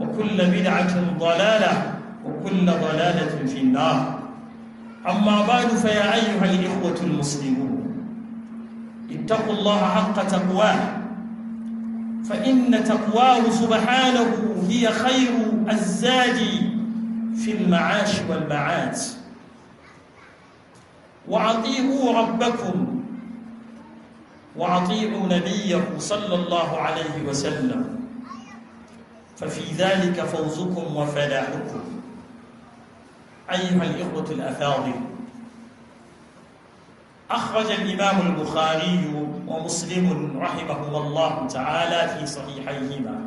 وكل بدعة ضلالة وكل ضلالة في النار أما بعد فيا أيها الإخوة المسلمون اتقوا الله حق تقواه فإن تقواه سبحانه هي خير الزاد في المعاش والمعاد وأطيعوا ربكم وأطيعوا نبيه صلى الله عليه وسلم ففي ذلك فوزكم وفلاحكم أيها الإخوة الأفاضل أخرج الإمام البخاري ومسلم رحمهما الله تعالى في صحيحيهما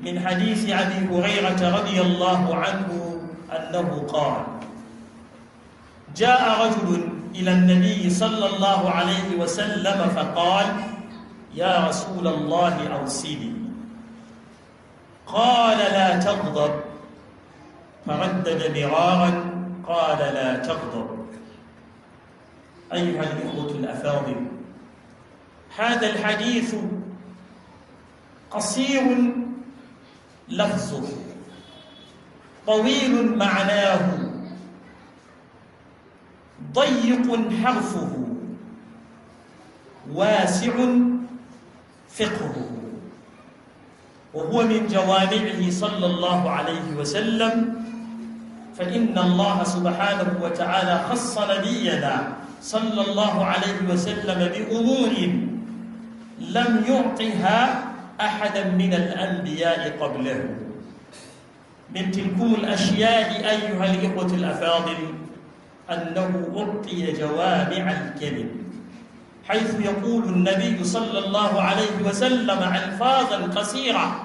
من حديث أبي هريرة رضي الله عنه أنه قال جاء رجل إلى النبي صلى الله عليه وسلم فقال يا رسول الله أوصني قال لا تغضب فردد مرارا قال لا تغضب أيها الإخوة الأفاضل هذا الحديث قصير لفظه طويل معناه ضيق حرفه واسع فقهه وهو من جوامعه صلى الله عليه وسلم فإن الله سبحانه وتعالى خص نبينا صلى الله عليه وسلم بأمور لم يعطها أحدا من الأنبياء قبله من تلكم الأشياء أيها الإخوة الأفاضل أنه أعطي جوامع الكلم حيث يقول النبي صلى الله عليه وسلم ألفاظا قصيرة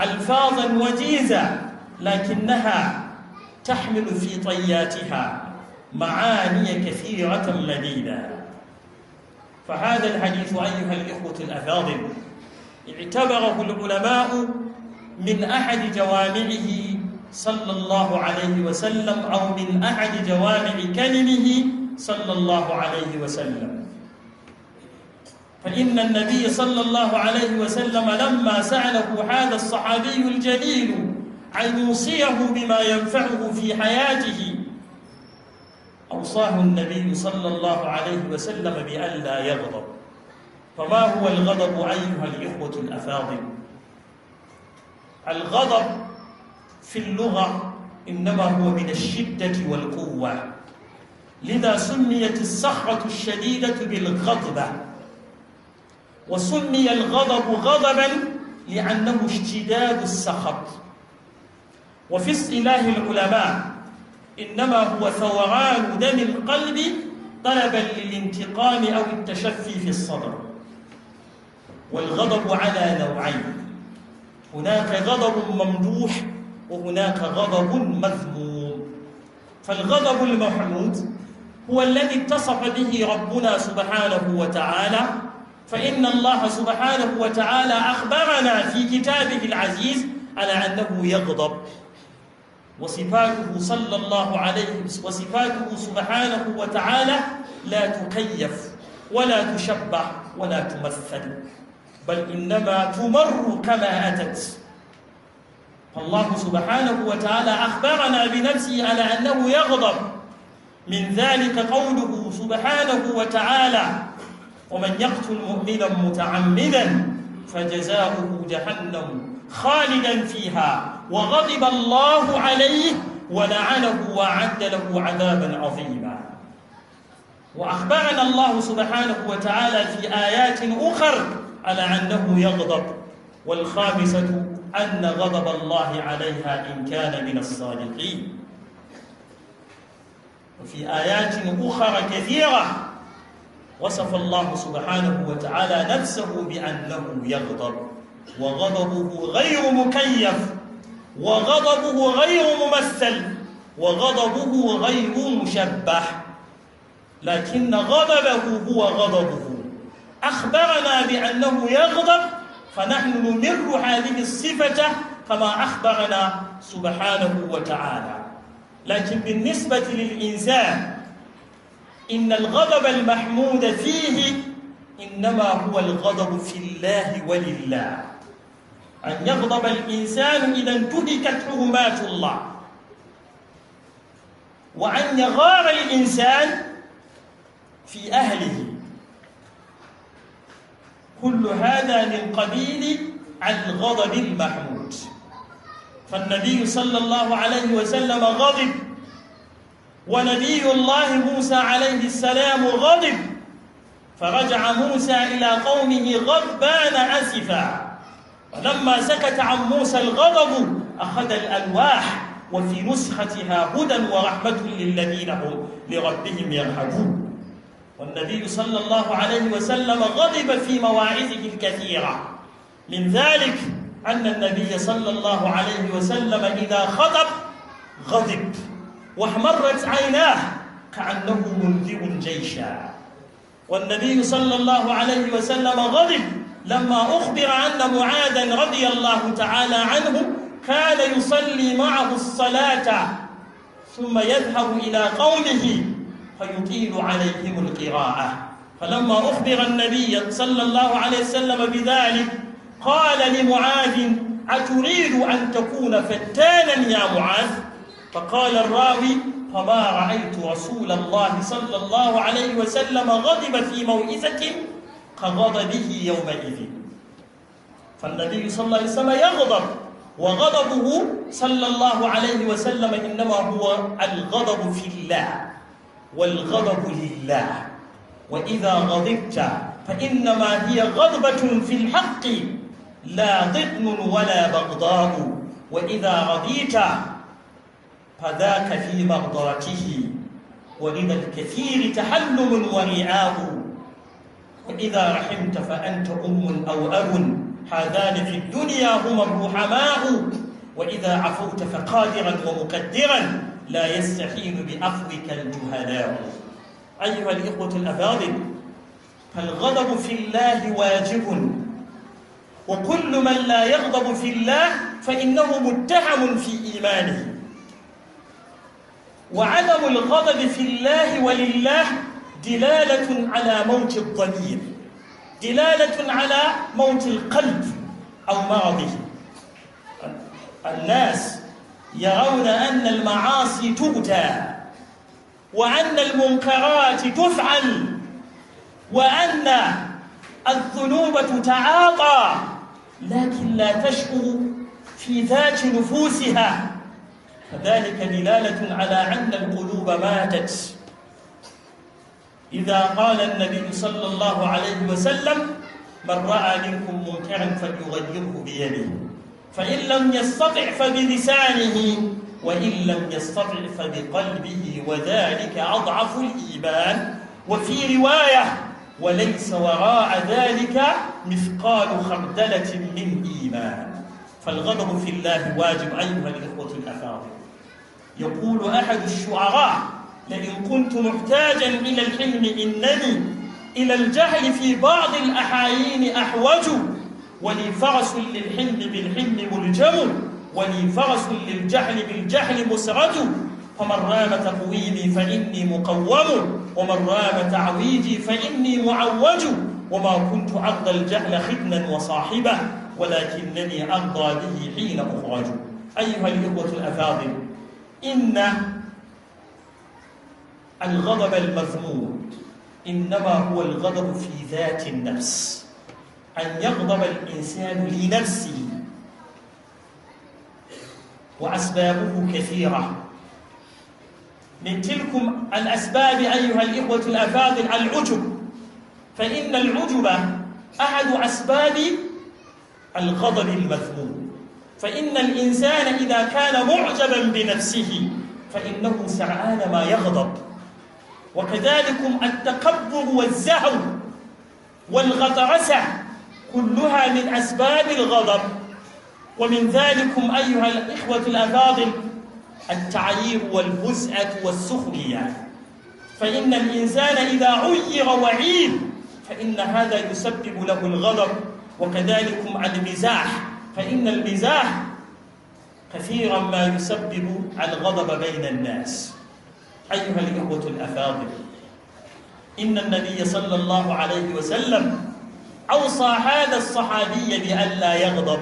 ألفاظا وجيزة لكنها تحمل في طياتها معاني كثيرة مديدة فهذا الحديث أيها الإخوة الأفاضل اعتبره العلماء من أحد جوامعه صلى الله عليه وسلم أو من أحد جوامع كلمه صلى الله عليه وسلم فإن النبي صلى الله عليه وسلم لما سأله هذا الصحابي الجليل أن يوصيه بما ينفعه في حياته أوصاه النبي صلى الله عليه وسلم بألا يغضب فما هو الغضب أيها الإخوة الأفاضل الغضب في اللغة إنما هو من الشدة والقوة لذا سميت الصخرة الشديدة بالغضبة وسمي الغضب غضبا لأنه اشتداد السخط وفي اصطلاح العلماء إنما هو ثوران دم القلب طلبا للانتقام أو التشفي في الصدر والغضب على نوعين هناك غضب ممدوح وهناك غضب مذموم فالغضب المحمود هو الذي اتصف به ربنا سبحانه وتعالى فإن الله سبحانه وتعالى أخبرنا في كتابه العزيز على أنه يغضب وصفاته صلى الله عليه وصفاته سبحانه وتعالى لا تكيف ولا تشبع ولا تمثل بل إنما تمر كما أتت فالله سبحانه وتعالى أخبرنا بنفسه على أنه يغضب من ذلك قوله سبحانه وتعالى ومن يقتل مؤمنا متعمدا فجزاؤه جهنم خالدا فيها وغضب الله عليه ولعنه وعد له عذابا عظيما وأخبرنا الله سبحانه وتعالى في آيات أخر على أنه يغضب والخامسة أن غضب الله عليها إن كان من الصادقين وفي آيات أخرى كثيرة وصف الله سبحانه وتعالى نفسه بأنه يغضب وغضبه غير مكيف وغضبه غير ممثل وغضبه غير مشبه لكن غضبه هو غضبه أخبرنا بأنه يغضب فنحن نمر هذه الصفة كما أخبرنا سبحانه وتعالى لكن بالنسبة للإنسان إن الغضب المحمود فيه إنما هو الغضب في الله ولله أن يغضب الإنسان إذا انتهكت حرمات الله وأن يغار الإنسان في أهله كل هذا من قبيل الغضب المحمود فالنبي صلى الله عليه وسلم غضب ونبي الله موسى عليه السلام غضب فرجع موسى إلى قومه غضبان أسفا ولما سكت عن موسى الغضب أخذ الألواح وفي نسختها هدى ورحمة للذين هم لربهم يرهبون والنبي صلى الله عليه وسلم غضب في مواعظه الكثيرة من ذلك أن النبي صلى الله عليه وسلم إذا خطب غضب واحمرت عيناه كأنه منذئ جيشا والنبي صلى الله عليه وسلم غضب لما أخبر أن معاذا رضي الله تعالى عنه كان يصلي معه الصلاة ثم يذهب إلى قومه فيطيل عليهم القراءة فلما أخبر النبي صلى الله عليه وسلم بذلك قال لمعاذ أتريد أن تكون فتانا يا معاذ فقال الراوي فما رأيت رسول الله صلى الله عليه وسلم غضب في موئزة كغضبه يومئذ فالنبي صلى الله عليه وسلم يغضب وغضبه صلى الله عليه وسلم إنما هو الغضب في الله والغضب لله وإذا غضبت فإنما هي غضبة في الحق لا ضدن ولا بغضاء وإذا رضيت فذاك في بغضاته وإذا الكثير تحلم ورعاه وإذا رحمت فأنت أم أو أب هذان في الدنيا هما الرحماء وإذا عفوت فقادرا ومقدرا لا يستحيل بأخذك الجهلاء أيها الإخوة الأفاضل فالغضب في الله واجب وكل من لا يغضب في الله فإنه متهم في إيمانه وعدم الغضب في الله ولله دلالة على موت الضمير دلالة على موت القلب أو مرضه الناس يرون أن المعاصي تؤتى وأن المنكرات تفعل وأن الذنوب تتعاطى لكن لا تشعر في ذات نفوسها فذلك دلالة على أن القلوب ماتت إذا قال النبي صلى الله عليه وسلم من رأى منكم منكرا فليغيره بيده فإن لم يستطع فبلسانه وإن لم يستطع فبقلبه وذلك أضعف الإيمان وفي رواية وليس وراء ذلك مثقال خردلة من إيمان فالغضب في الله واجب أيها الإخوة الأفاضل يقول أحد الشعراء لئن كنت محتاجا إلى الحلم إنني إلى الجهل في بعض الأحايين أحوج ولي فرس للحلم بالحلم ملجم ولي فرس للجهل بالجهل مسرج فمن رام تقويمي فإني مقوم ومن رام تعويجي فإني معوج وما كنت أرضى الجهل خدنا وصاحبه ولكنني أرضى به حين أخرج أيها الإخوة الأفاضل إن الغضب المذموم إنما هو الغضب في ذات النفس أن يغضب الإنسان لنفسه وأسبابه كثيرة من تلكم الأسباب أيها الإخوة الأفاضل العجب فإن العجب أحد أسباب الغضب المذموم فإن الإنسان إذا كان معجبا بنفسه فإنه سرعان ما يغضب وكذلك التكبر والزهو والغطرسة كلها من أسباب الغضب ومن ذلكم أيها الإخوة الأفاضل التعيير والفزعة والسخرية فإن الإنسان إذا عير وعير فإن هذا يسبب له الغضب وكذلك المزاح فإن المزاح كثيرا ما يسبب الغضب بين الناس أيها الإخوة الأفاضل إن النبي صلى الله عليه وسلم أوصى هذا الصحابي بألا يغضب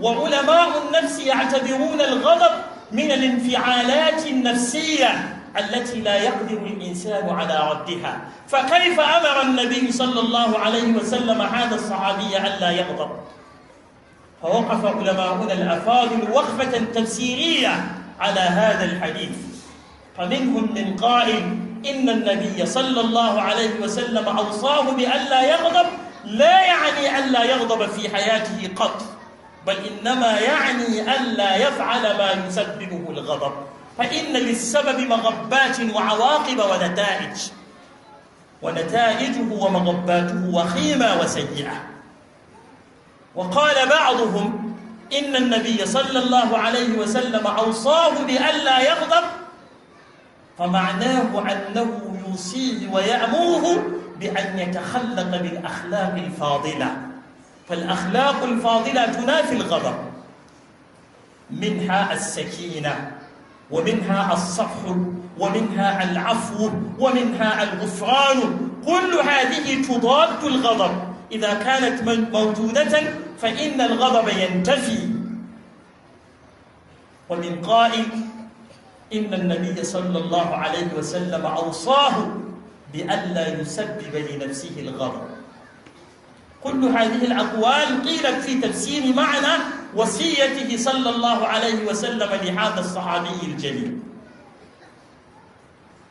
وعلماء النفس يعتبرون الغضب من الانفعالات النفسية التي لا يقدر الإنسان على ردها فكيف أمر النبي صلى الله عليه وسلم هذا الصحابي ألا يغضب فوقف علماؤنا الأفاضل وقفة تفسيرية على هذا الحديث فمنهم من قائل إن النبي صلى الله عليه وسلم أوصاه بألا يغضب لا يعني ألا يغضب في حياته قط بل إنما يعني ألا يفعل ما يسببه الغضب فإن للسبب مغبات وعواقب ونتائج ونتائجه ومغباته وخيمة وسيئة وقال بعضهم إن النبي صلى الله عليه وسلم أوصاه بألا يغضب فمعناه أنه يوصيه ويأمره بأن يتخلق بالأخلاق الفاضلة فالأخلاق الفاضلة تنافي الغضب منها السكينة ومنها الصفح ومنها العفو ومنها الغفران كل هذه تضاد الغضب إذا كانت موجودة فإن الغضب ينتفي ومن قائل إن النبي صلى الله عليه وسلم أوصاه بألا يسبب لنفسه الغضب كل هذه الأقوال قيلت في تفسير معنى وصيته صلى الله عليه وسلم لهذا الصحابي الجليل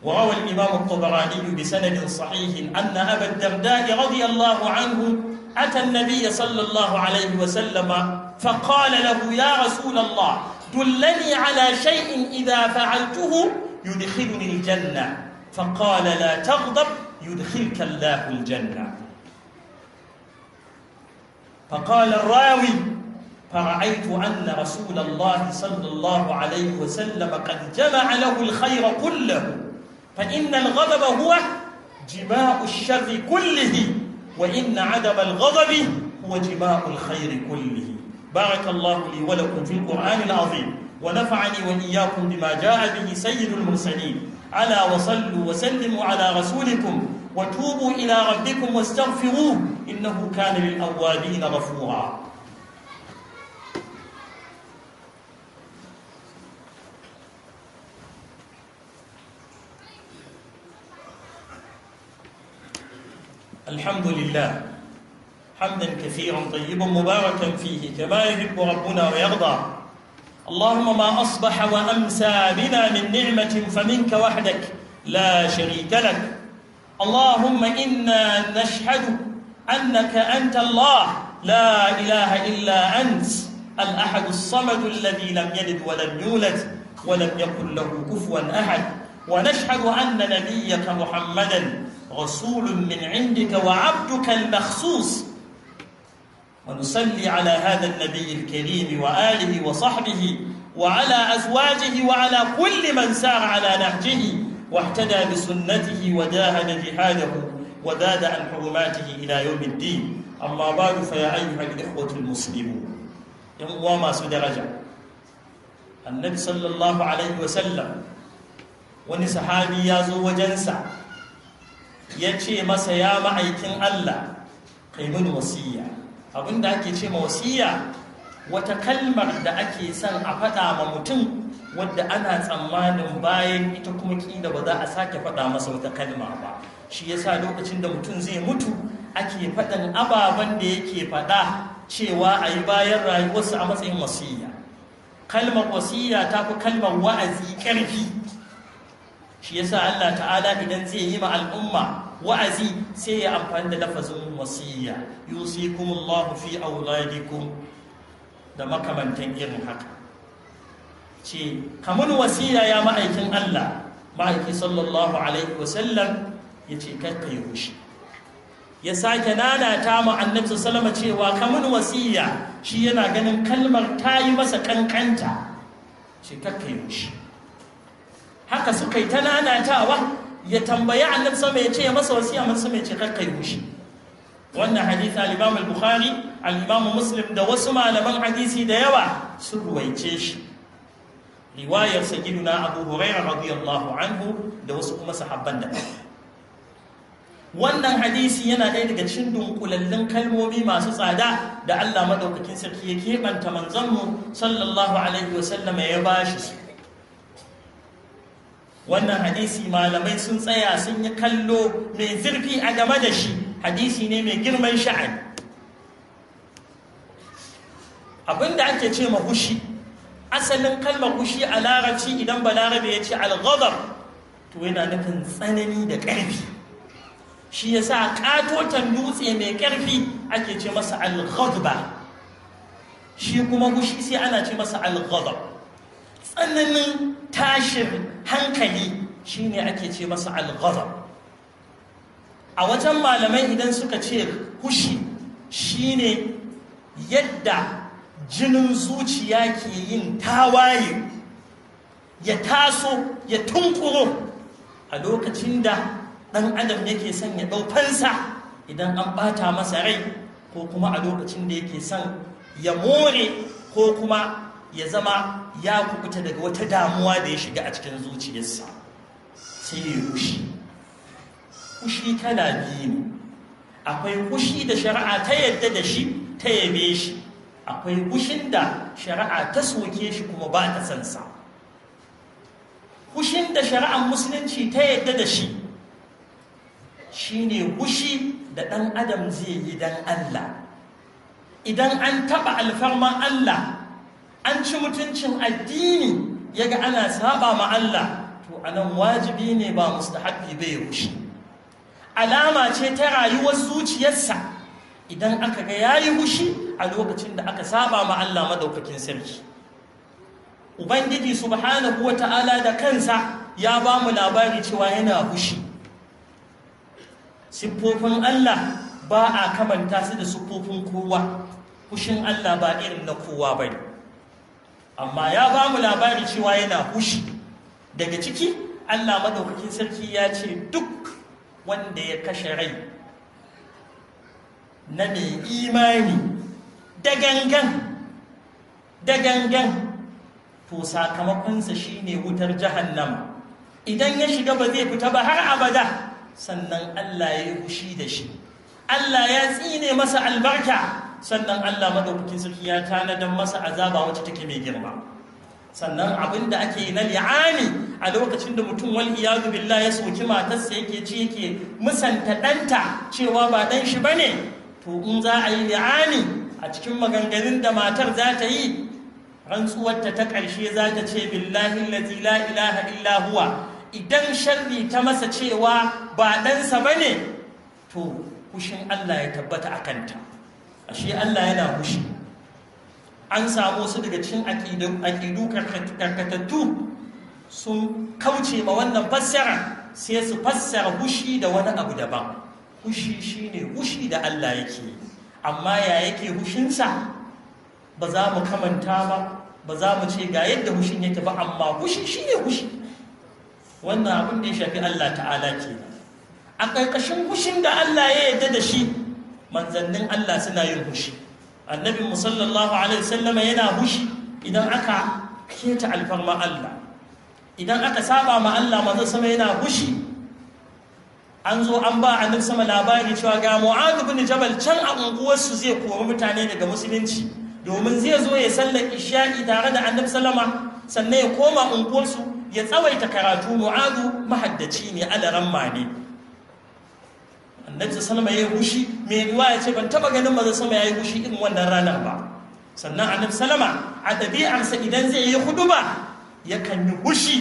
وروى الإمام الطبراني بسند صحيح أن أبا الدرداء رضي الله عنه أتى النبي صلى الله عليه وسلم فقال له يا رسول الله دلني على شيء إذا فعلته يدخلني الجنة فقال لا تغضب يدخلك الله الجنة فقال الراوي فرأيت أن رسول الله صلى الله عليه وسلم قد جمع له الخير كله فإن الغضب هو جماع الشر كله وإن عدم الغضب هو جماع الخير كله بارك الله لي ولكم في القرآن العظيم ونفعني وإياكم بما جاء به سيد المرسلين ألا وصلوا وسلموا على رسولكم وتوبوا إلى ربكم واستغفروه إنه كان للأوابين غفورا الحمد لله حمدا كثيرا طيبا مباركا فيه كما يحب ربنا ويرضى اللهم ما أصبح وأمسى بنا من نعمة فمنك وحدك لا شريك لك اللهم إنا نشهد أنك أنت الله لا إله إلا أنت الأحد الصمد الذي لم يلد ولم يولد ولم يكن له كفوا أحد ونشهد أن نبيك محمدا رسول من عندك وعبدك المخصوص ونصلي على هذا النبي الكريم وآله وصحبه وعلى أزواجه وعلى كل من سار على نهجه واحتدى بسنته وجاهد جهاده وذاد عن حرماته إلى يوم الدين أما بعد فيا أيها الإخوة المسلمون يوم ما النبي صلى الله عليه وسلم ونسحابي يا يازو وجنسه ya ce masa ya ma'aikin Allah kai mini wasiya abinda ake ce ma wasiya wata kalmar da ake son a faɗa ma mutum wadda ana tsammanin bayan ita kuma da ba za a sake faɗa masa wata kalma ba shi yasa lokacin da mutum zai mutu ake faɗin ababen da yake faɗa cewa a yi bayan rayuwarsa a matsayin wasiya kalmar wasiya ta fi kalmar wa'azi ƙarfi shi yasa Allah ta'ala idan zai yi ma al'umma wa'azi sai ya amfani da lafazin wasiyya yusikumullahu fi auladikum da makamantan irin haka ce kamar wasiyya ya ma'aikin Allah ma'aiki sallallahu alaihi wasallam ya ce karka yi hushi ya sake nanata mu annabi sallama cewa kamar wasiyya shi yana ganin kalmar ta yi masa kankanta ce karka yi hushi haka suka yi ta nanatawa ya tambayi annabi sama ya ce ya masa wasiya masa sama ya ce kakkai hushi wannan hadisi al-imam al-bukhari al muslim da wasu malaman hadisi da yawa sun ruwaice shi riwayar na abu Huraira radiyallahu anhu da wasu kuma sahabban da wannan hadisi yana ɗaya daga cikin dunkulallun kalmomi masu tsada da Allah madaukakin sarki ya keɓanta manzanmu sallallahu alaihi wasallam ya bashi su wannan hadisi malamai sun tsaya sun yi kallo mai zurfi a game da shi hadisi ne mai girman sha'ani abinda ake ce ma hushi asalin kalmar hushi a larabci idan balarabe ya ce alghadar to yana nufin tsanani da ƙarfi shi ya sa ƙatoton dutse mai ƙarfi ake ce masa ba. shi kuma hushi sai ana ce masa alghadar tsananin tashin hankali shine ake ce masa al a wajen malamai idan suka ce hushi shine yadda jinin zuciya ke yin tawaye ya taso ya tunkuro a lokacin da ɗan adam yake son ya ɗaukansa idan an ɓata masa rai ko kuma a lokacin da yake son ya more ko kuma ya zama ya kubuta daga wata damuwa da ya shiga a cikin zuciyarsa sai ya kushi kushi kala biyu ne akwai kushi da shari'a ta yadda da shi ta yabe shi akwai kushin da shari'a ta soke shi kuma ba ta san sa kushin da shari'ar musulunci ta yadda da shi shine kushi da ɗan adam zai yi dan Allah idan an taɓa alfarman Allah an ci mutuncin addini ya ga ana saba ma Allah to nan wajibi ne ba mustahabbi bai rushe alama ce ta rayuwar zuciyarsa idan aka ga yayi hushi a lokacin da aka saba ma Allah madaukakin sarki ubangiji subhanahu wata'ala da kansa ya ba mu labari cewa yana hushi siffofin Allah ba a kamanta su da siffofin kowa hushin Allah ba irin na kowa bane amma ya ba mu labari cewa yana hushi daga ciki Allah maɗaukakin sarki ya ce duk wanda ya kashe rai na mai imani da gangan da gangan to sakamakonsa shine wutar jahannama idan ya shiga ba zai fita ba har abada sannan Allah ya yi hushi da shi Allah ya tsine masa albarka sannan Allah maɗaukakin sarki ya tanadar masa azaba wacce take mai girma sannan abin da ake na li'ani a lokacin da mutum wal iyadu billah ya soki matarsa yake ci yake musanta ɗanta cewa ba ɗan shi ba ne, to in za a yi li'ani a cikin maganganun da matar za ta yi rantsuwarta ta ƙarshe za ta ce billahi lazi ilaha illa idan sharri ta masa cewa ba ɗansa ne, to kushin Allah ya tabbata a kanta ashe Allah yana fushi an samu su daga cikin aƙidu karkatattu sun kauce ma wannan fassara sai su fassara kushi da wani abu daban shi shine fushi da Allah yake amma ya yake hushinsa ba za mu kamanta ba ba za mu ce ga yadda hushin yake ba amma hushi shine hushi wannan abin da ya shafi Allah ta'ala ke a ƙarƙashin hushin da Allah ya yarda da shi manzannin Allah suna yin hushi annabin musallallahu alaihi wasallama yana hushi idan aka keta alfarma Allah idan aka saba ma Allah manzon sama yana hushi an zo an ba annabi sama labari cewa ga Mu'adh bin Jabal can a unguwarsu zai kori mutane daga musulunci domin zai zo ya salla isha'i tare da annab sallama sannan ya koma unguwarsu ya tsawaita karatu Mu'adh mahaddaci ne alaran ne annabi sallama ya yi gushi mai riwaya ce ban taba ganin manzon sama ya yi gushi irin wannan rana ba sannan annabi sallama a ɗabi'arsa idan zai yi huduba yakan yi gushi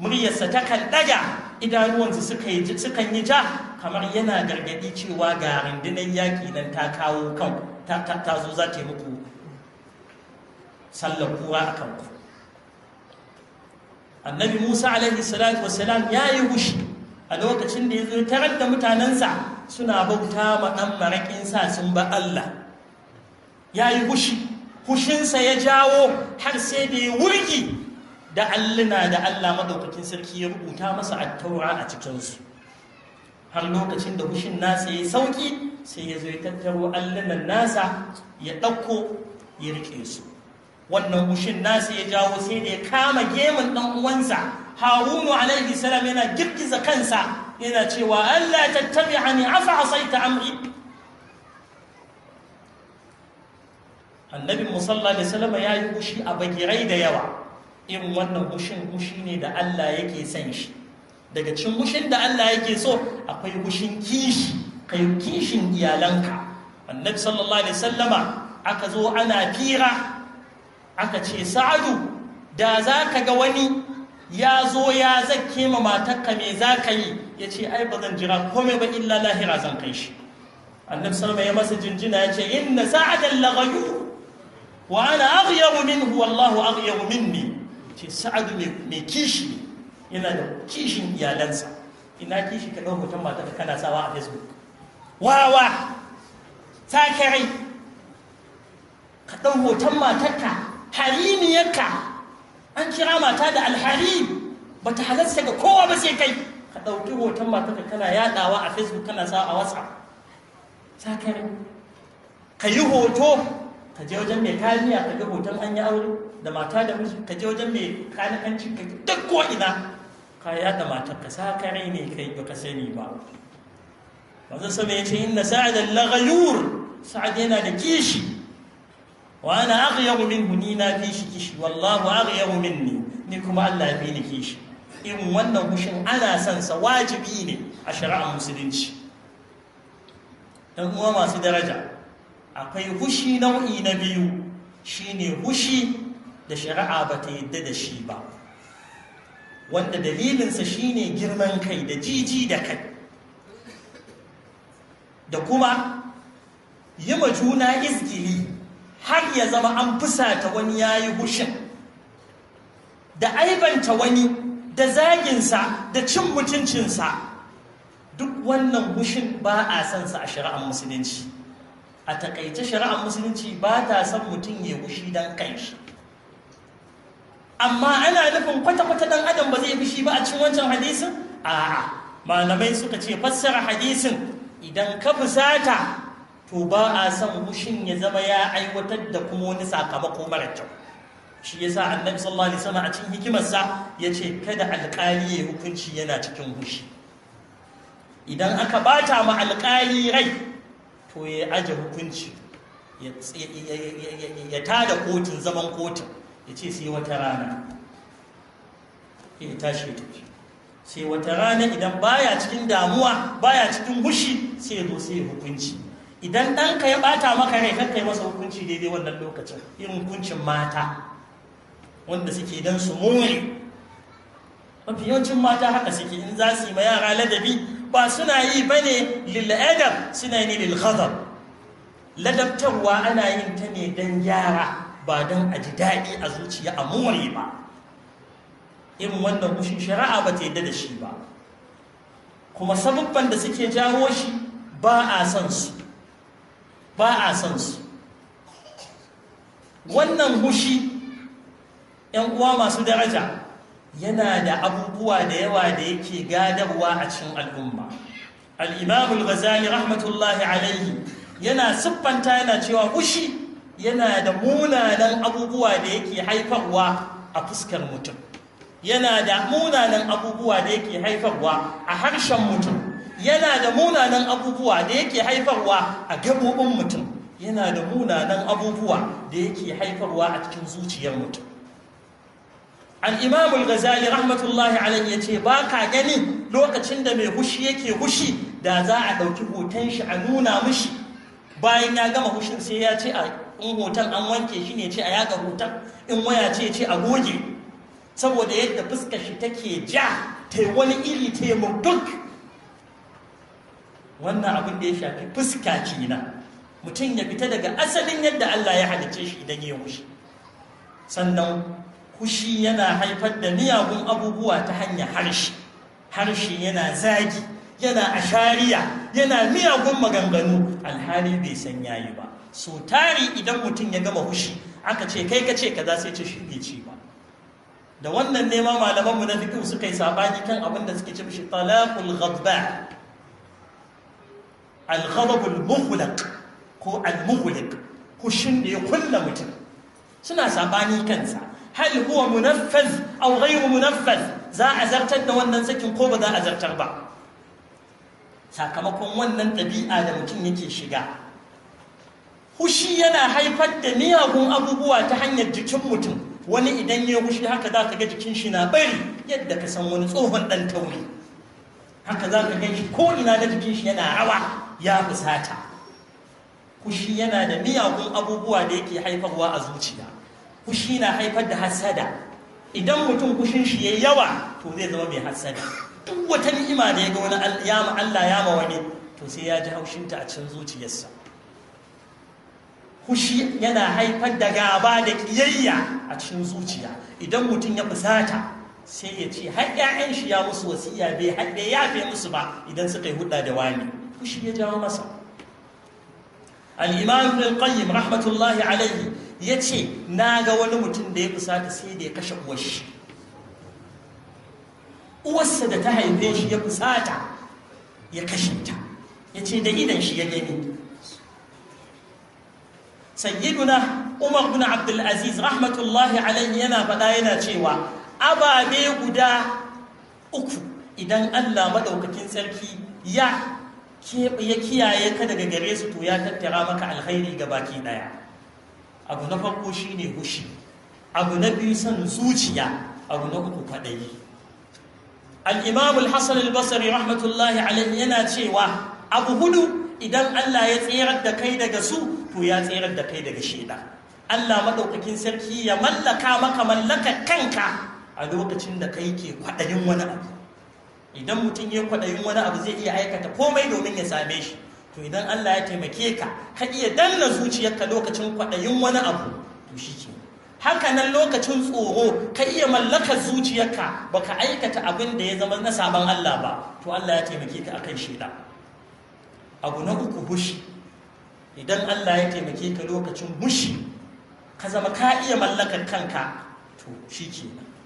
muryarsa kan ɗaga idanuwansa sukan yi ja kamar yana gargaɗi cewa ga rundunar yaƙi nan ta kawo kan ta zo za ta yi muku sallar kura a kanku annabi musa alaihi salatu wasalam ya yi gushi a lokacin da ya zo tarar da mutanensa suna bauta ma ɗan maraƙin sa sun ba Allah ya yi hushi hushinsa ya jawo har sai da ya wurgi da alluna da Allah maɗaukakin sarki ya rubuta masa attaura a cikinsu har lokacin da hushin nasa ya sauƙi, sai ya zo ya tattaro allunan nasa ya ɗauko ya riƙe su wannan hushin nasa ya jawo sai da ya kama gemun ɗan uwansa harunu alaihi salam yana girgiza kansa yana cewa Allah tattabi'ani afa ta amri annabin musalla da salama ya yi gushi a bagirai da yawa irin wannan gushin gushi ne da Allah yake son shi daga cin gushin da Allah yake so akwai gushin kishi kai kishin iyalanka annabi sallallahu alaihi sallama aka zo ana fira aka ce sa'adu da za ka ga wani ya zo ya zake ma matarka me za ka yi ya ce ai ba zan jira komai ba illa lahira zan kai shi annabi sallama ya masa jinjina ya ce inna sa'adan laghayu wa ana aghyabu minhu wallahu aghyabu minni ce sa'adu mai kishi yana da kishin iyalansa ina kishi ka ɗauka hoton matarka kana sawa a facebook wawa ta kai ka ɗau hoton matarka haliniyarka an kira mata da alharim ba ta halasta ga kowa ba sai kai ka ɗauki hoton matarka kana yaɗawa a facebook kana sa a whatsapp sakari ka yi hoto ka je wajen mai kariya ka ga hoton an yi aure da mata da miji ka je wajen mai kanikanci ka duk ko ina ka yaɗa matarka sakari ne kai ba ka sani ba manzon sama ya ce inna sa'adan laghayur sa'ad yana da kishi wa ana aghyaru minhu ni na fi shi kishi wallahu aghyaru minni ni kuma Allah ya fi ni kishi irin wannan hushin ana son sa wajibi ne a shari'ar musulunci dan uwa masu daraja akwai hushi nau'i na biyu shine hushi da shari'a ba ta yadda da shi ba wanda dalilinsa shine girman kai da jiji da kai da kuma yi ma juna izgili har ya zama an fusata wani ya yi hushin da aibanta wani da zaginsa da cin mutuncinsa duk wannan hushin ba a sansa a shari'ar musulunci a takaice shari'ar musulunci ba ta son mutum ya hushi don kanshi amma ana nufin kwata-kwata dan adam ba zai fushi ba a cin wancan hadisin a'a malamai suka ce fassara hadisin idan ka fusata to ba a son hushin ya zama ya aiwatar da kuma wani sakamako mara kyau shi yasa annabi sallallahu alaihi wasallam a cikin hikimarsa yace kada alƙali ya hukunci yana cikin hushi idan aka bata ma alƙali rai to ya aje hukunci ya tada kotun zaman kotun ya ce sai wata rana ya tashi ya tafi sai wata rana idan baya cikin damuwa baya cikin hushi sai ya zo sai ya hukunci idan ɗanka ya ɓata maka rai kakka yi masa hukunci daidai wannan lokacin irin hukuncin mata wanda suke dan su more mafi yawancin mata haka suke in za su yi ma yara ladabi ba suna yi ba ne lil'adab suna ne lil'ghazab ladabtarwa ana yin ta ne don yara ba don a ji daɗi a zuciya a more ba irin wannan kushin shari'a ba ta yadda da shi ba kuma sababban da suke jawo shi ba a son su ba a son su wannan bushi, ‘yan uwa masu daraja yana da abubuwa da yawa da yake gadarwa a cikin al'umma al'imamul ghazali rahmatullahi alaihi yana siffanta yana cewa bushi yana da munanan abubuwa da yake haifarwa a fuskar mutum yana da munanan abubuwa da yake haifarwa a harshen mutum yana da munanan abubuwa da yake haifarwa a gabobin mutum yana da munanan abubuwa da yake haifarwa a cikin zuciyar mutum al'imamu rahmatullahi alayhi ya ce ba ka ganin lokacin da mai hushi yake hushi da za a ɗauki hoton shi a nuna mushi bayan ya gama hushin sai ya ce a in hoton an wanke shi ne ce a yaga hoton in waya ce ce a goge saboda yadda fuskar shi take ja ta wani iri ta yi duk wannan abin da ya shafi fuska ce na mutum ya fita daga asalin yadda Allah ya halicce shi idan ya mushi sannan kushi yana haifar da miyagun abubuwa ta hanyar harshe harshe yana zagi yana ashariya yana miyagun maganganu alhali bai san yayi ba so tari idan mutum ya gama hushi aka ce kai ka ce kaza sai ce shi ne ce ba da wannan nema malaman mu na fiqh suka yi sabani kan abin da suke ce mishi talaqul ghadba al-ghadabul ko al kushin da ya kulla mutum suna sabani kansa hal huwa munaffaz aw ghayru munaffaz za a zartar da wannan sakin ko ba za a zartar ba sakamakon wannan ɗabi'a da mutum yake shiga hushi yana haifar da miyagun abubuwa ta hanyar jikin mutum wani idan ya hushi haka za ka ga jikin shi na bari yadda ka san wani tsohon ɗan tauri haka za ka gan shi ko ina da jikin shi yana rawa ya fusata Kushi yana da miyagun abubuwa da yake haifarwa a zuciya Kushi na haifar da hasada idan mutum kushin shi ya yawa to zai zama mai hasada duk wata ni'ima da ya ga wani Allah ya ma wani to sai ya ji haushinta a cikin zuciyarsa Kushi yana haifar da gaba da kiyayya a cikin zuciya idan mutum ya fusata sai ya ce har 'ya'yan shi ya musu wasiya bai haɗe ya fi musu ba idan suka yi hudda da wani fushi ya jawo masa al ibn al-qayyim rahmatullahi alayhi yace na ga wani mutum da ya fusata sai da ya kashe uwar uwarsa da ta haife shi ya fusata ya kashe ta yace da idan shi ya gani sayyiduna umar bin abdul aziz rahmatullahi alayhi yana faɗa yana cewa ababe guda uku idan Allah maɗaukakin sarki ya ya kiyaye ka daga gare su to ya tattara maka alkhairi ga baki daya abu na farko shine hushi abu na biyu san zuciya abu na uku kwadayi al-imam al-hasan al-basri rahmatullahi alayhi yana cewa abu hudu idan Allah ya tserar da kai daga su to ya tserar da kai daga sheda Allah madaukakin sarki ya mallaka maka mallaka kanka a lokacin da kai ke kwadayin wani abu idan mutum ya kwaɗayin wani abu zai iya aikata komai domin ya same shi to idan Allah ya taimake ka ka iya danna zuciyarka lokacin kwaɗayin wani abu to shi ke haka nan lokacin tsoro ka iya mallakar zuciyarka baka aikata abin da ya zama na sabon Allah ba to Allah ya taimake ka akan shida abu na uku bushi idan Allah ya taimake ka lokacin bushi ka zama ka iya mallakar kanka to shi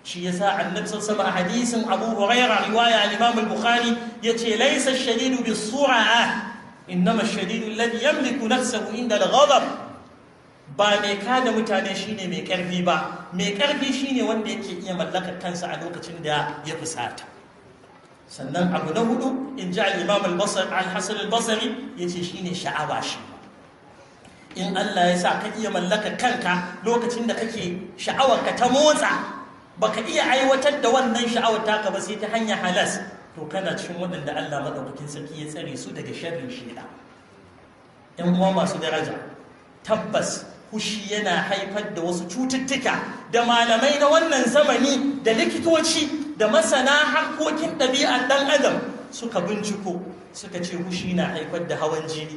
shi yasa annabi sallallahu alaihi hadisin Abu Huraira riwaya al-Imam al-Bukhari yace laysa ash-shadidu bis-sur'a innama ash-shadidu alladhi yamliku nafsahu inda al-ghadab ba mai kada mutane shine mai karfi ba mai karfi shine wanda yake iya mallakar kansa a lokacin da ya fusata sannan abu na hudu in ji al-Imam al-Basri al-Hasan al-Basri yace shine sha'awa shi in Allah ya sa ka iya mallakar kanka lokacin da kake sha'awar ka ta motsa baka iya aiwatar da wannan sha'awar taka ba sai ta hanyar halas to kana cikin waɗanda Allah madaukakin sarki ya tsare su daga sharrin shida yan uwa masu daraja tabbas kushi yana haifar da wasu cututtuka da malamai na wannan zamani da likitoci da masana harkokin ɗabi'ar ɗan adam suka binciko suka ce kushi na haifar da hawan jini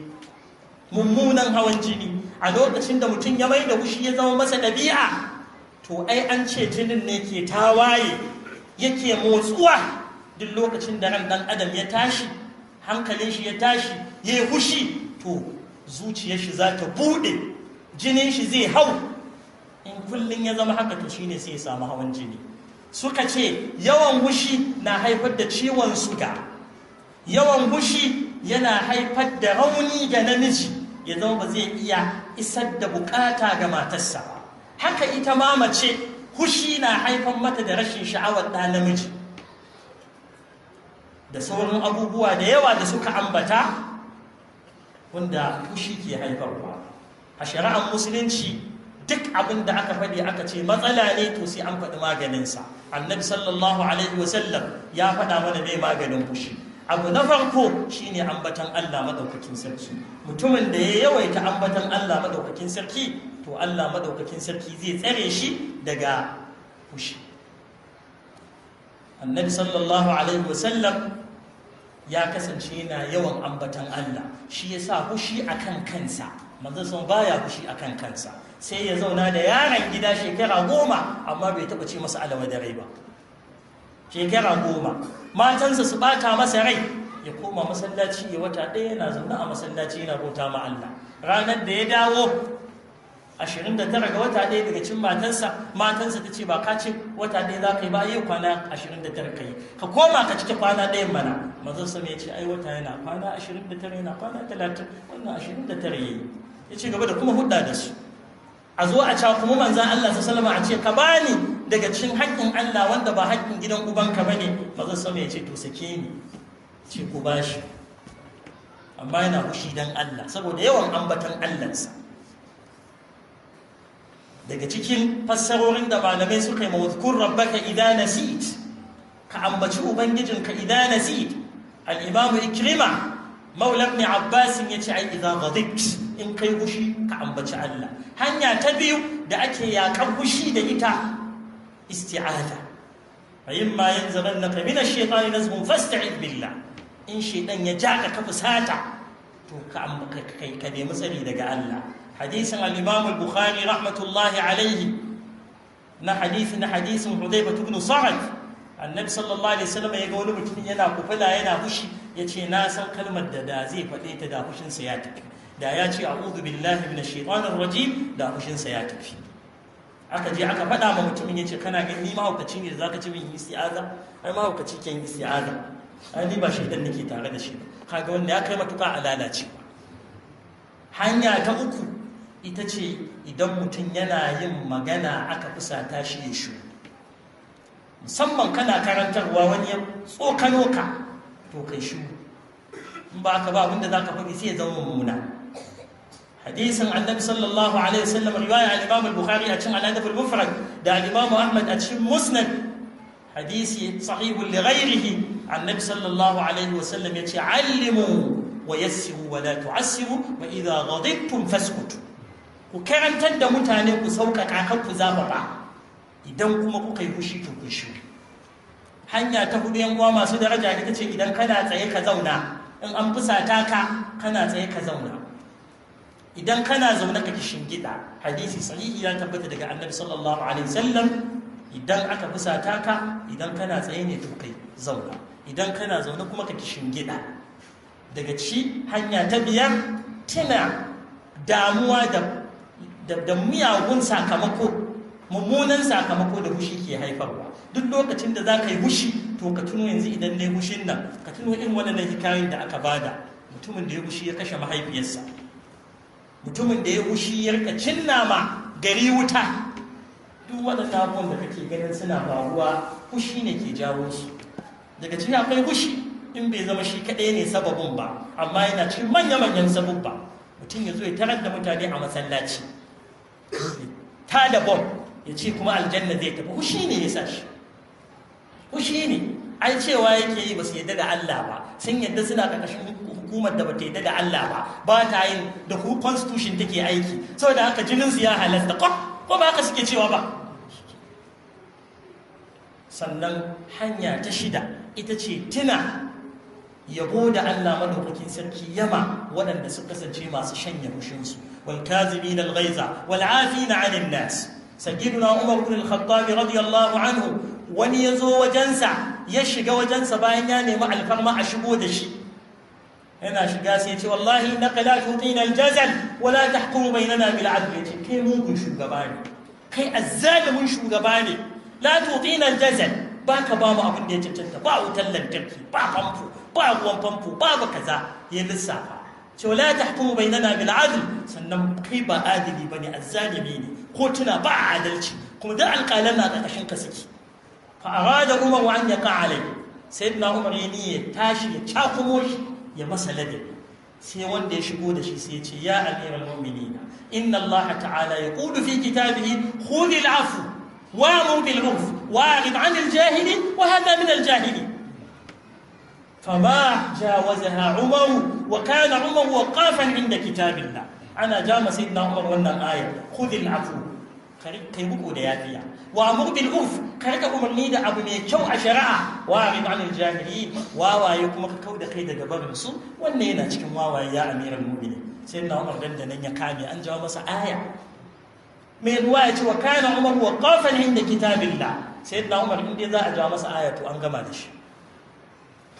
mummunan hawan jini a lokacin da mutum ya mai da hushi ya zama masa ɗabi'a to ai an ce jinin ne ke tawaye yake motsuwa duk lokacin da ran dan adam ya tashi hankalin shi ya tashi ya yi hushi to zuciyar shi za ta bude jinin shi zai hau in kullum ya zama haka to shine sai ya samu hawan jini suka ce yawan hushi na haifar da ciwon suga yawan hushi yana haifar da rauni ga namiji ya zama ba zai iya isar da bukata ga matarsa ba haka ita ma mace hushi na haifan mata da rashin sha'awar ɗa namiji da sauran abubuwa da yawa da suka ambata wanda hushi ke haifarwa a shari'ar musulunci duk abin da aka faɗi aka ce matsala ne to sai an faɗi maganinsa annabi sallallahu alaihi wasallam ya faɗa mana mai maganin kushi. abu na farko shine ambatan Allah madaukakin sarki mutumin da ya yawaita ambatan Allah madaukakin sarki to Allah madaukakin sarki zai tsare shi daga fushi annabi sallallahu alaihi wasallam ya kasance yana yawan ambatan Allah shi yasa fushi akan kansa manzon sun baya fushi akan kansa sai ya zauna da yaron gida shekara goma amma bai taba ce masa alawa da rai ba shekara goma matansa su bata masa rai ya koma masallaci ya wata ɗaya yana zaune a masallaci yana bauta ma Allah ranar da ya dawo 29 ga wata ɗaya daga cin matansa matansa ta ce ba ka ce wata ɗaya za ka yi ba yi kwana 29 ka yi ka koma ka cike kwana ɗayan mana mazan sama ya ce ai wata yana kwana 29 yana kwana 30 wannan 29 ya yi ya ce gaba da kuma hudda da su a zo a ca kuma manzan Allah sallallahu alaihi a ce ka bani daga cikin haƙƙin Allah wanda ba haƙƙin gidan ubanka bane manzon sama ya ce to sake ni ce ko bashi amma yana fushi don Allah saboda yawan ambatan Allahnsa daga cikin fassarorin da malamai suka yi Rabba ka idza nasit ka ambaci ka idza nasit al-imam ikrima maula Abbasin ya ce ai idza ghadibta in kai gushi ka ambaci Allah hanya ta biyu da ake yakan gushi da ita isti'aza fa imma yanzabannaka min ash-shaytani nazghun fasta'id billah in shaytan ya jaka ka fusata to ka kai ka nemi tsari daga Allah hadisin al-Imam al-Bukhari rahmatullahi alayhi na hadisi na hadisin Hudayfa ibn Sa'ad annabi sallallahu alaihi wasallam ya ga wani mutum yana kufula yana fushi Yace na san kalmar da da zai faɗe ta da fushinsa ya tafi da ya ce a'udhu billahi minash shaitanir rajim da fushin ya tafi aka je aka faɗa ma mutumin ce kana ganin ni mahaukaci ne zaka ci min isti'aza ai mahaukaci ken isti'aza ai ni ba shaitan nake tare da shi ba kaga wanda ya kai matuƙa a ba. hanya ta uku ita ce idan mutum yana yin magana aka fusata shi ya shu musamman kana karantarwa wani ya tsokano ka to kai shu in ba ka ba abinda za ka faɗi sai ya zama mummuna hadisin annabi sallallahu alaihi wasallam riwaya al a cikin al-adab al da al-imam ahmad a cikin musnad hadisi sahihun yace allimu wa yassiru wa la tu'assiru wa idha ghadibtum ku karantar da mutane ku sauƙaƙa kan ku zafafa idan kuma kuka yi fushi to ku hanya ta hudu yan uwa masu daraja ita ce idan kana tsaye ka zauna in an fusata kana tsaye ka zauna idan kana zaune ka shingida hadisi sahihi ya tabbata daga annabi sallallahu alaihi wasallam idan aka fusata ka idan kana tsaye ne to kai zauna idan kana zaune kuma ka shingida daga ci hanya ta biyar tana damuwa da da miyagun sakamako mummunan sakamako da hushi ke haifarwa duk lokacin da za ka yi hushi to ka tuno yanzu idan na yi hushin nan ka tuno irin wannan hikayoyin da aka bada mutumin da ya hushi ya kashe mahaifiyarsa mutumin da ya hushi ya rika cinna ma gari wuta duk waɗanda abubuwan da kake ganin suna faruwa kushi ne ke jawo su daga cikin akwai hushi in bai zama shi kaɗai ne sababin ba amma yana cikin manya-manyan sababba mutum ya zo ya tarar da mutane a masallaci ta da bom ya ce kuma aljanna zai tafi Kushi ne ya sa shi ne ai cewa yake yi ba su yadda da Allah ba sun yadda suna ƙarƙashin hukumar da bata yadda da Allah ba ba ta yin da ku constitution take aiki saboda haka jinin su ya halasta ko ko ba haka suke cewa ba sannan hanya ta shida ita ce tuna yabo da Allah madaukakin sarki yama waɗanda su kasance masu shanya mushinsu wal kazimin al ghaiza wal afina 'anil nas sayyiduna umar ibn al-khattab radiyallahu anhu wani yazo wajensa ya shiga wajensa bayan ya nemi alfarma a shigo da shi yana shiga sai ce wallahi na kala tutin aljazal wala tahkumu bainana bil adl yace kai mugun shugaba ne kai azzalimin shugaba ne la tutin aljazal baka ba mu abin da ya cancanta ba wutar lantarki ba famfo ba ruwan famfo ba ba kaza ya lissafa ce wala tahkumu bainana bil adl sannan kai ba adili bane azzalimi ne kotuna ba adalci kuma duk alƙalan na ƙarƙashin ka suke fa arada umar wa an yaqa alai sayyidina umar ya niyya tashi ya cakumo shi ya masa ladabi sai wanda ya shigo da shi sai ce ya al'ira mu'minina inna Allah ta'ala yaqulu fi kitabihi khudh al-'afw wa amur bil 'urf wa 'an al-jahili wa hadha min al-jahili فما جاوزها عمر wa عمر وقافا عند كتاب الله أنا جام سيدنا عمر وانا آية خذ kai buku da yafiya wa mubil uf karka ka umarni da abu mai kyau a shari'a wa rid anil jahili wawaye kuma ka kauda kai daga barin su wannan yana cikin wawaye ya amiral mu'minin sai na umar dan nan ya kame an jawo masa aya mai ruwa ya ce wa kana umar wa qafan inda kitabillah sai na umar inda za a jawo masa aya to an gama da shi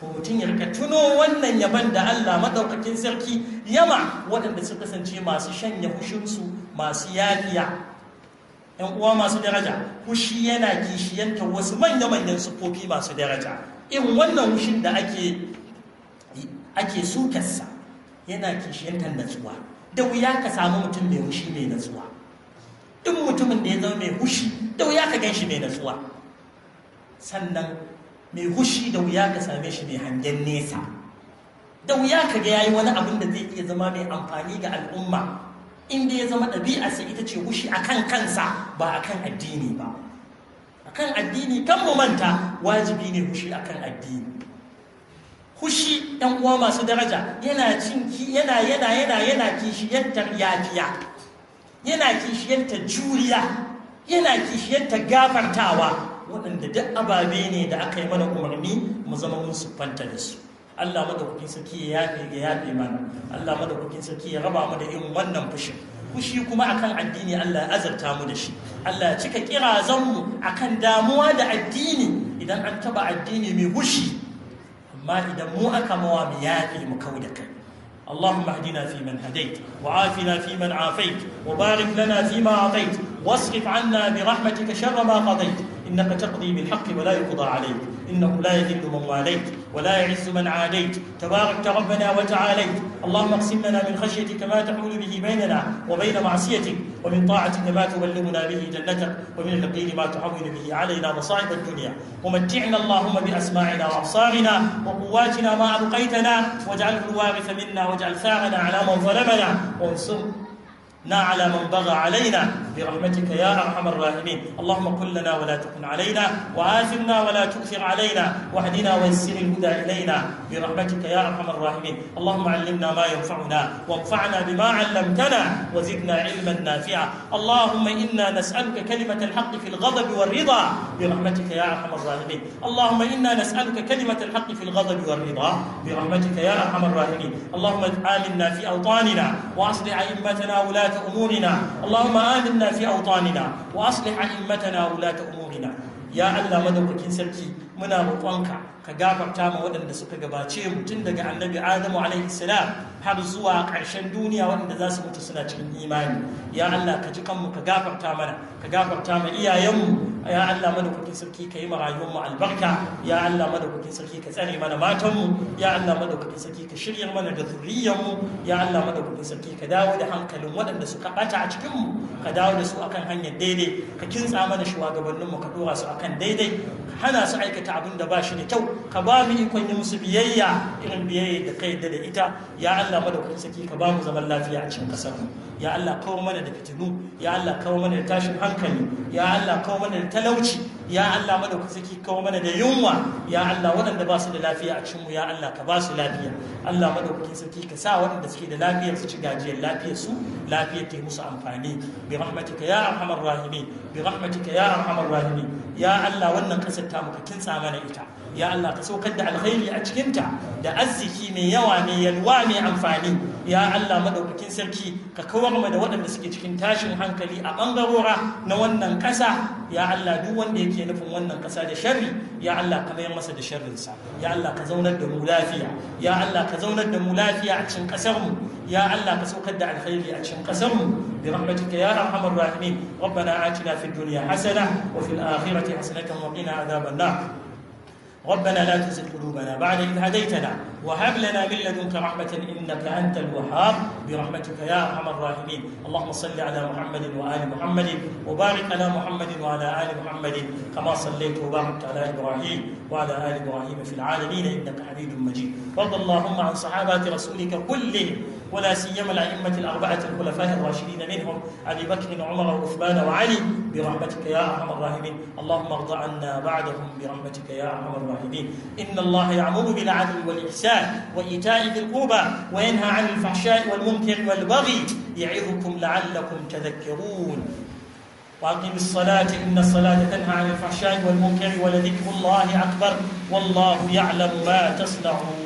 Ko mutum ya rika tuno wannan yaban da Allah madaukakin sarki yama waɗanda suka kasance masu shanya hushinsu masu yafiya ‘yan uwa masu daraja fushi yana kishiyanta wasu manya-manyan siffofi masu daraja in wannan wushin da ake ake sukarsa yana kishiyantar natsuwa da wuya ka samu mutum mai wushi mai natsuwa duk mutumin da ya zama mai wushi da wuya ka gan shi mai natsuwa sannan mai wushi da wuya ka same shi mai hangen nesa da wuya ka ga yayi wani abin da zai iya zama mai amfani ga al'umma inda ya zama ɗabi'arsa ita ce wushi kan kansa ba a kan addini ba A kan addini kan mu manta wajibi ne a kan addini hushi ɗan uwa masu daraja yana cinki yana yana yana yana kishiyantar yafiya yana kishiyanta juriya yana kishiyanta gafartawa waɗanda duk ababe ne da aka yi mana umarni mu zama mun siffanta da su Allah madaukakin sarki ya yafe ga yafe mana Allah madaukakin sarki ya raba mu da irin wannan fushin fushi kuma akan addini Allah ya azarta mu da shi Allah ya cika kirazan mu akan damuwa da addini idan an taba addini mai gushi amma idan mu aka mawa mu yafe mu kau da kai اللهم اهدنا فيمن هديت وعافنا فيمن عافيت وبارك لنا فيما اعطيت واصرف عنا برحمتك شر ما قضيت انك تقضي بالحق ولا يقضى عليك إنه لا يذل من واليت ولا يعز من عاديت تباركت ربنا وتعاليت اللهم اقسم لنا من خشيتك ما تحول به بيننا وبين معصيتك ومن طاعتك ما تبلغنا به جنتك ومن اليقين ما تحول به علينا مصائب الدنيا ومتعنا اللهم بأسماعنا وأبصارنا وقواتنا ما أبقيتنا واجعله الوارث منا واجعل ثارنا على من ظلمنا وانصر نعلى من بغى علينا برحمتك يا أرحم الراحمين اللهم كن لنا ولا تكن علينا وآثرنا ولا تؤثر علينا واهدنا ويسر الهدى إلينا برحمتك يا أرحم الراحمين اللهم علمنا ما ينفعنا وانفعنا بما علمتنا وزدنا علما نافعا اللهم إنا نسألك كلمة الحق في الغضب والرضا برحمتك يا أرحم الراحمين اللهم إنا نسألك كلمة الحق في الغضب والرضا برحمتك يا أرحم الراحمين اللهم آمنا في أوطاننا وأصلح أئمتنا ولاة ولاة أمورنا اللهم آمنا في أوطاننا وأصلح أئمتنا ولاة أمورنا يا الله مدوكين سلكي muna roƙonka ka gafarta ma waɗanda suka gabace mu tun daga annabi adamu alaihi salam har zuwa ƙarshen duniya waɗanda za su mutu suna cikin imani ya Allah ka ji kanmu ka gafarta mana ka gafarta ma iyayenmu ya Allah madaukakin sarki ka yi ma rayuwarmu albarka ya Allah madaukakin sarki ka tsare mana matanmu ya Allah madaukakin sarki ka shirya mana da zuriyarmu ya Allah madaukakin sarki ka dawo da hankalin waɗanda suka ɓata a cikinmu ka dawo da su akan hanyar daidai ka kintsa mana shugabanninmu ka ɗora su akan daidai ka hana su aikata aikata abin da ba shi da kyau ka ba mu ikon yi musu biyayya irin biyayya da ka yadda da ita ya Allah madaukakin saki ka ba mu zaman lafiya a cikin kasar mu ya Allah kawo mana da fitinu ya Allah kawo mana da tashin hankali ya Allah kawo mana da talauci ya Allah mana ku saki kawo mana da yunwa ya Allah waɗanda ba su da lafiya a cikinmu ya Allah ka ba su lafiya Allah madaukakin sarki ka sa waɗanda suke da lafiyar su ci gajiyar lafiyar su lafiyar ta yi musu amfani bi rahmatika ya arhamar rahimin bi rahmatika ya arhamar rahimin ya Allah wannan kasar ta muka kinsa mana ita ya Allah ka saukar da alkhairi a cikinta da arziki mai yawa mai yalwa mai amfani ya Allah madaukakin sarki ka kawar mu da waɗanda suke cikin tashin hankali a ɓangarora na wannan ƙasa ya Allah duk wanda yake nufin wannan ƙasa da sharri ya Allah ka mayar masa da sharrinsa ya Allah ka zaunar da mu lafiya ya Allah ka zaunar da mu lafiya a cikin ƙasar mu ya Allah ka saukar da alkhairi a cikin ƙasar mu bi rahmatika ya arhamar rahimin rabbana atina fid dunya hasana wa fil akhirati hasanatan wa qina adhaban nar ربنا لا تزغ قلوبنا بعد إذ هديتنا وهب لنا من لدنك رحمة إنك أنت الوهاب برحمتك يا أرحم الراحمين اللهم صل على محمد وآل محمد وبارك على محمد وعلى آل محمد كما صليت وباركت على إبراهيم وعلى آل إبراهيم في العالمين إنك حميد مجيد وارض اللهم عن صحابة رسولك كلهم ولا سيما الأئمة الأربعة الخلفاء الراشدين منهم أبي بكر وعمر وعثمان وعلي برحمتك يا أرحم الراحمين اللهم ارض عنا بعدهم برحمتك يا أرحم الراحمين إن الله يعمر بالعدل والإحسان وإيتاء ذي القربى وينهى عن الفحشاء والمنكر والبغي يعظكم لعلكم تذكرون وأقم الصلاة إن الصلاة تنهى عن الفحشاء والمنكر ولذكر الله أكبر والله يعلم ما تصنعون